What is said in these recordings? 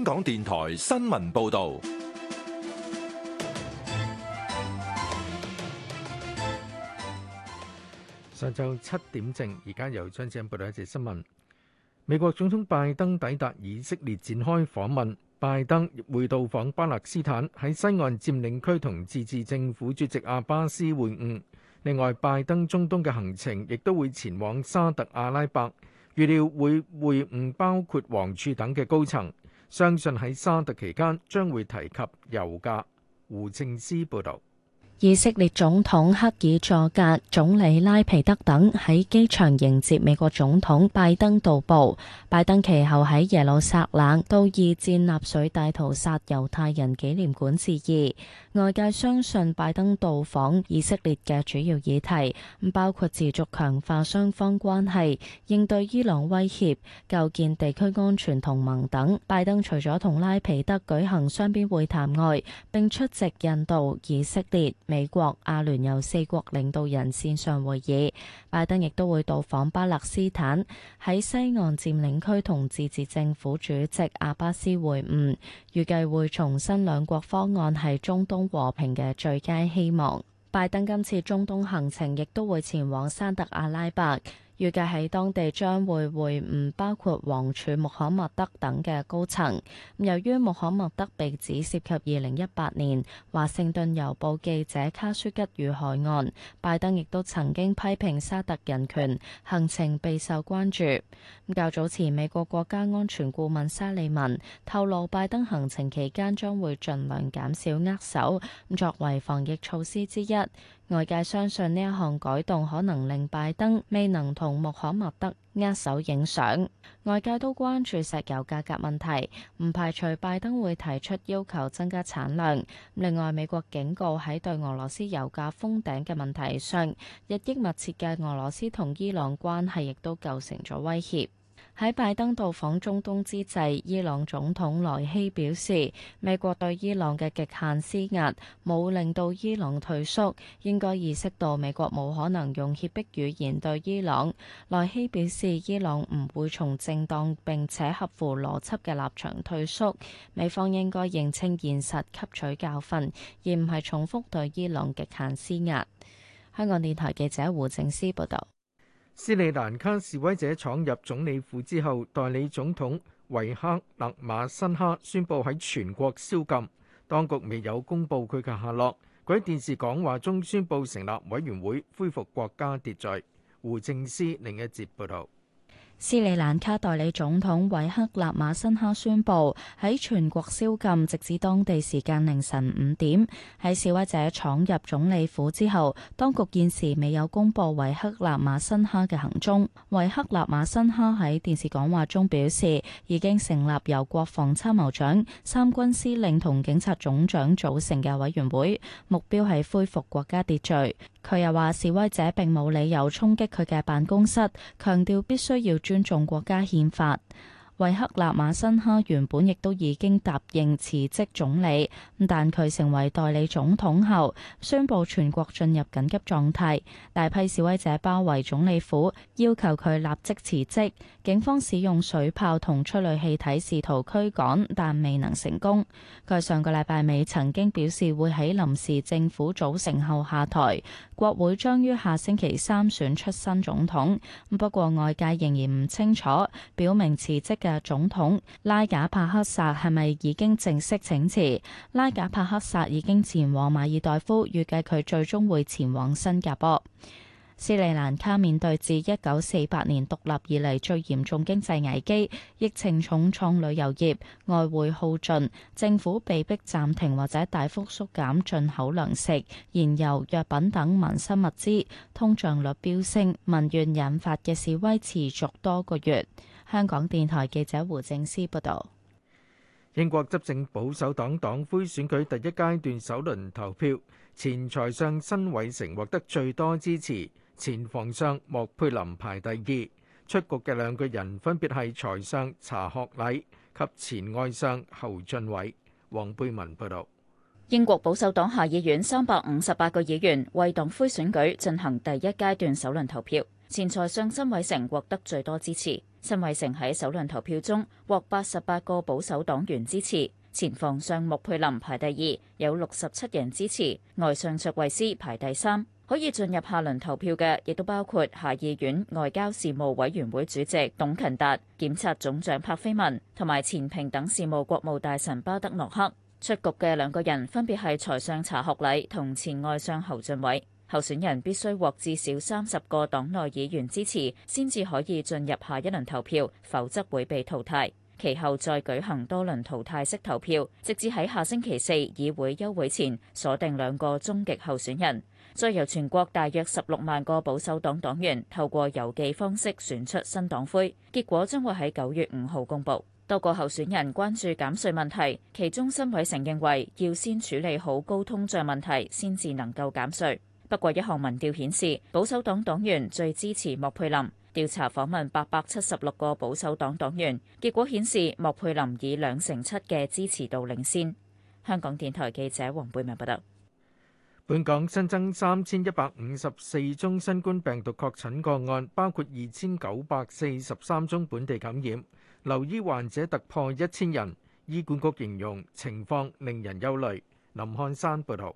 香港電台新聞報道，上晝七點正，而家由張子欣報道一節新聞。美國總統拜登抵達以色列，展開訪問。拜登會到訪巴勒斯坦喺西岸佔領區同自治政府主席阿巴斯會晤。另外，拜登中東嘅行程亦都會前往沙特阿拉伯，預料會會晤包括王儲等嘅高層。相信喺沙特期間將會提及油價。胡正思報導。以色列總統克爾佐格、總理拉皮德等喺機場迎接美國總統拜登到埗。拜登其後喺耶路撒冷到二戰納粹大屠殺猶太人紀念館致意。外界相信拜登到訪以色列嘅主要議題，包括持續強化雙方關係、應對伊朗威脅、構建地區安全同盟等。拜登除咗同拉皮德舉行雙邊會談外，並出席印度以色列、美國阿聯酋四國領導人線上會議，拜登亦都會到訪巴勒斯坦，喺西岸佔領區同自治政府主席阿巴斯會晤，預計會重申兩國方案係中東和平嘅最佳希望。拜登今次中東行程亦都會前往沙特阿拉伯。預計喺當地將會會晤包括王儲穆罕默德等嘅高層。由於穆罕默德被指涉及二零一八年華盛頓郵報記者卡舒吉遇害案，拜登亦都曾經批評沙特人權，行程備受關注。咁較早前美國國家安全顧問沙利文透露，拜登行程期間將會盡量減少握手，作為防疫措施之一。外界相信呢一項改動可能令拜登未能同穆罕默德握手影相。外界都關注石油價格問題，唔排除拜登會提出要求增加產量。另外，美國警告喺對俄羅斯油價封頂嘅問題上，日益密切嘅俄羅斯同伊朗關係亦都構成咗威脅。喺拜登到訪中東之際，伊朗總統萊希表示，美國對伊朗嘅極限施壓冇令到伊朗退縮，應該意識到美國冇可能用脅迫語言對伊朗。萊希表示，伊朗唔會從正當並且合乎邏輯嘅立場退縮，美方應該認清現實，吸取教訓，而唔係重複對伊朗極限施壓。香港電台記者胡正思報道。斯里蘭卡示威者闖入總理府之後，代理總統維克勒馬辛哈宣布喺全國宵禁，當局未有公布佢嘅下落。佢喺電視講話中宣布成立委員會，恢復國家秩序。胡政司另一節報道。斯里蘭卡代理總統維克納馬辛哈宣布喺全國宵禁，直至當地時間凌晨五點。喺示威者闖入總理府之後，當局現時未有公佈維克納馬辛哈嘅行蹤。維克納馬辛哈喺電視講話中表示，已經成立由國防參謀長、三軍司令同警察總長組成嘅委員會，目標係恢復國家秩序。佢又話示威者並冇理由衝擊佢嘅辦公室，強調必須要尊重國家憲法。維克納馬辛哈原本亦都已經答應辭職總理，但佢成為代理總統後，宣布全國進入緊急狀態，大批示威者包圍總理府，要求佢立即辭職。警方使用水炮同催淚氣體試圖驅趕，但未能成功。佢上個禮拜尾曾經表示會喺臨時政府組成後下台，國會將於下星期三選出新總統。不過外界仍然唔清楚，表明辭職嘅。總統拉賈帕克薩係咪已經正式請辭？拉賈帕克薩已經前往馬爾代夫，預計佢最終會前往新加坡。斯里蘭卡面對自一九四八年獨立以嚟最嚴重經濟危機，疫情重創旅遊業，外匯耗盡，政府被迫暫停或者大幅縮減進口糧食、燃油、藥品等民生物資，通脹率飆升，民怨引發嘅示威持續多個月。香港電台記者胡正思報道：英國執政保守黨黨魁選舉第一階段首輪投票，前財相申偉成獲得最多支持，前防相莫佩林排第二。出局嘅兩個人分別係財相查學禮及前外相侯俊偉。黃佩文報道：英國保守黨下議院三百五十八個議員為黨魁選舉進行第一階段首輪投票，前財相申偉成獲得最多支持。新偉誠喺首輪投票中獲八十八個保守黨員支持，前防相穆佩林排第二，有六十七人支持，外相卓慧思排第三，可以進入下輪投票嘅，亦都包括下議院外交事務委員會主席董勤達、檢察總長柏斐文同埋前平等事務國務大臣巴德諾克。出局嘅兩個人分別係財相查學禮同前外相侯俊偉。候選人必須獲至少三十個黨內議員支持，先至可以進入下一輪投票，否則會被淘汰。其後再舉行多輪淘汰式投票，直至喺下星期四議會休會前鎖定兩個終極候選人，再由全國大約十六萬個保守黨黨員透過郵寄方式選出新黨魁。結果將會喺九月五號公佈。多個候選人關注減稅問題，其中辛偉誠認為要先處理好高通脹問題，先至能夠減稅。不過，一項民調顯示保守黨黨員最支持莫佩林。調查訪問八百七十六個保守黨黨員，結果顯示莫佩林以兩成七嘅支持度領先。香港電台記者黃貝文報道。本港新增三千一百五十四宗新冠病毒確診個案，包括二千九百四十三宗本地感染，留醫患者突破一千人。醫管局形容情況令人憂慮。林漢山報導。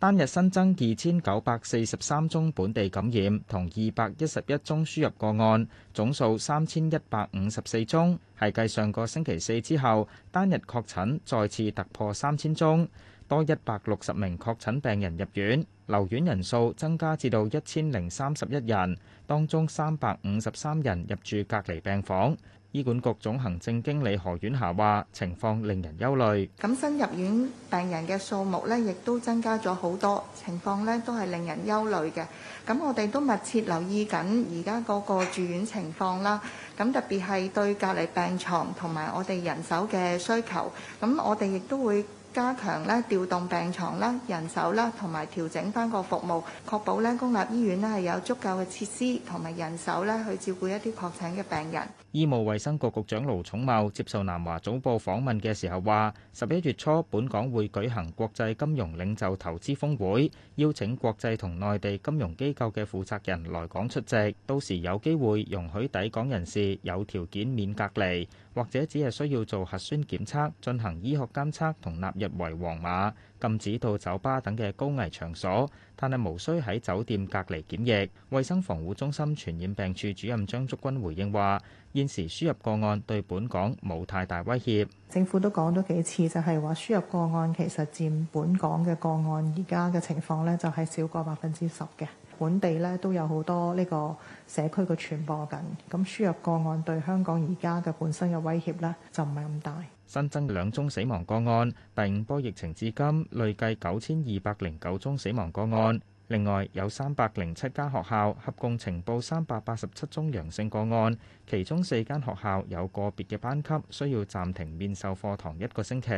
單日新增二千九百四十三宗本地感染同二百一十一宗輸入個案，總數三千一百五十四宗，係繼上個星期四之後，單日確診再次突破三千宗，多一百六十名確診病人入院。留院人數增加至到一千零三十一人，當中三百五十三人入住隔離病房。醫管局總行政經理何婉霞話情況令人憂慮，咁新入院病人嘅數目咧，亦都增加咗好多，情況咧都係令人憂慮嘅。咁我哋都密切留意緊而家嗰個住院情況啦。咁特別係對隔離病床同埋我哋人手嘅需求。咁我哋亦都會。加強咧，調動病床啦、人手啦，同埋調整翻個服務，確保咧公立醫院咧係有足夠嘅設施同埋人手咧去照顧一啲確診嘅病人。醫務衛生局局長盧寵茂接受南華早報訪問嘅時候話，十一月初本港會舉行國際金融領袖投資峰會，邀請國際同內地金融機構嘅負責人來港出席，到時有機會容許抵港人士有條件免隔離，或者只係需要做核酸檢測、進行醫學監測同納入為黃碼。禁止到酒吧等嘅高危場所，但係無需喺酒店隔離檢疫。衛生防護中心傳染病處主任張竹君回應話，現時輸入個案對本港冇太大威脅。政府都講咗幾次，就係話輸入個案其實佔本港嘅個案而家嘅情況咧，就係少過百分之十嘅本地咧都有好多呢個社區嘅傳播緊，咁輸入個案對香港而家嘅本身嘅威脅咧就唔係咁大。新增兩宗死亡個案，第五波疫情至今累計九千二百零九宗死亡個案。另外有三百零七間學校合共呈報三百八十七宗陽性個案，其中四間學校有個別嘅班級需要暫停面授課堂一個星期。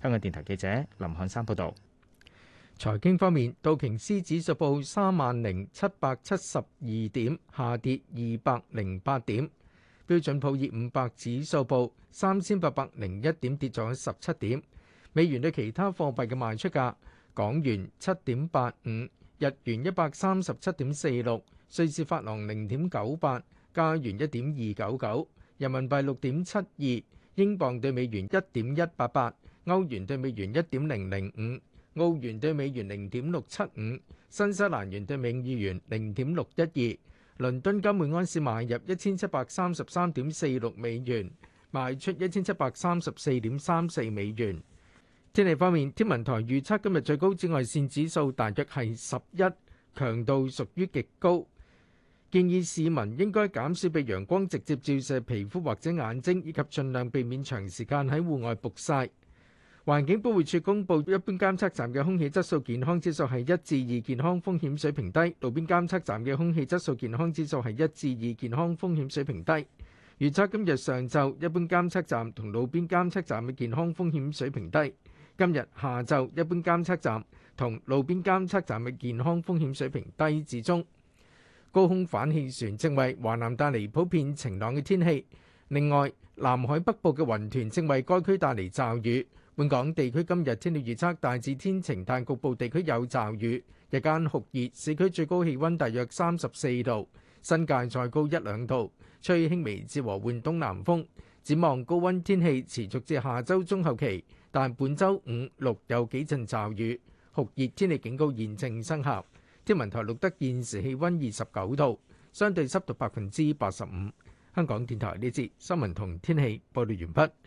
香港電台記者林漢山報導。財經方面，道瓊斯指數報三萬零七百七十二點，下跌二百零八點。標準普爾五百指數報三千八百零一點，跌咗十七點。美元對其他貨幣嘅賣出價：港元七點八五，日元一百三十七點四六，瑞士法郎零點九八，加元一點二九九，人民幣六點七二，英鎊對美元一點一八八，歐元對美元一點零零五。澳元兌美元零點六七五，新西蘭元兌美元零點六一二，倫敦金每安士買入一千七百三十三點四六美元，賣出一千七百三十四點三四美元。天氣方面，天文台預測今日最高紫外線指數大約係十一，強度屬於極高，建議市民應該減少被陽光直接照射皮膚或者眼睛，以及盡量避免長時間喺戶外曝曬。環境保護署公布，一般監測站嘅空氣質素健康指數係一至二，健康風險水平低；路邊監測站嘅空氣質素健康指數係一至二，健康風險水平低。預測今日上晝，一般監測站同路邊監測站嘅健康風險水平低；今日下晝，一般監測站同路邊監測站嘅健康風險水平低至中。高空反氣旋正為華南帶嚟普遍晴朗嘅天氣，另外南海北部嘅雲團正為該區帶嚟驟雨。本港地區今日天氣預測，大致天晴，但局部地區有驟雨。日間酷熱，市區最高氣温大約三十四度，新界再高一兩度。吹輕微至和緩東南風。展望高温天氣持續至下週中後期，但本周五六有幾陣驟雨。酷熱天氣警告現正生效。天文台錄得現時氣温二十九度，相對濕度百分之八十五。香港電台呢節新聞同天氣報道完畢。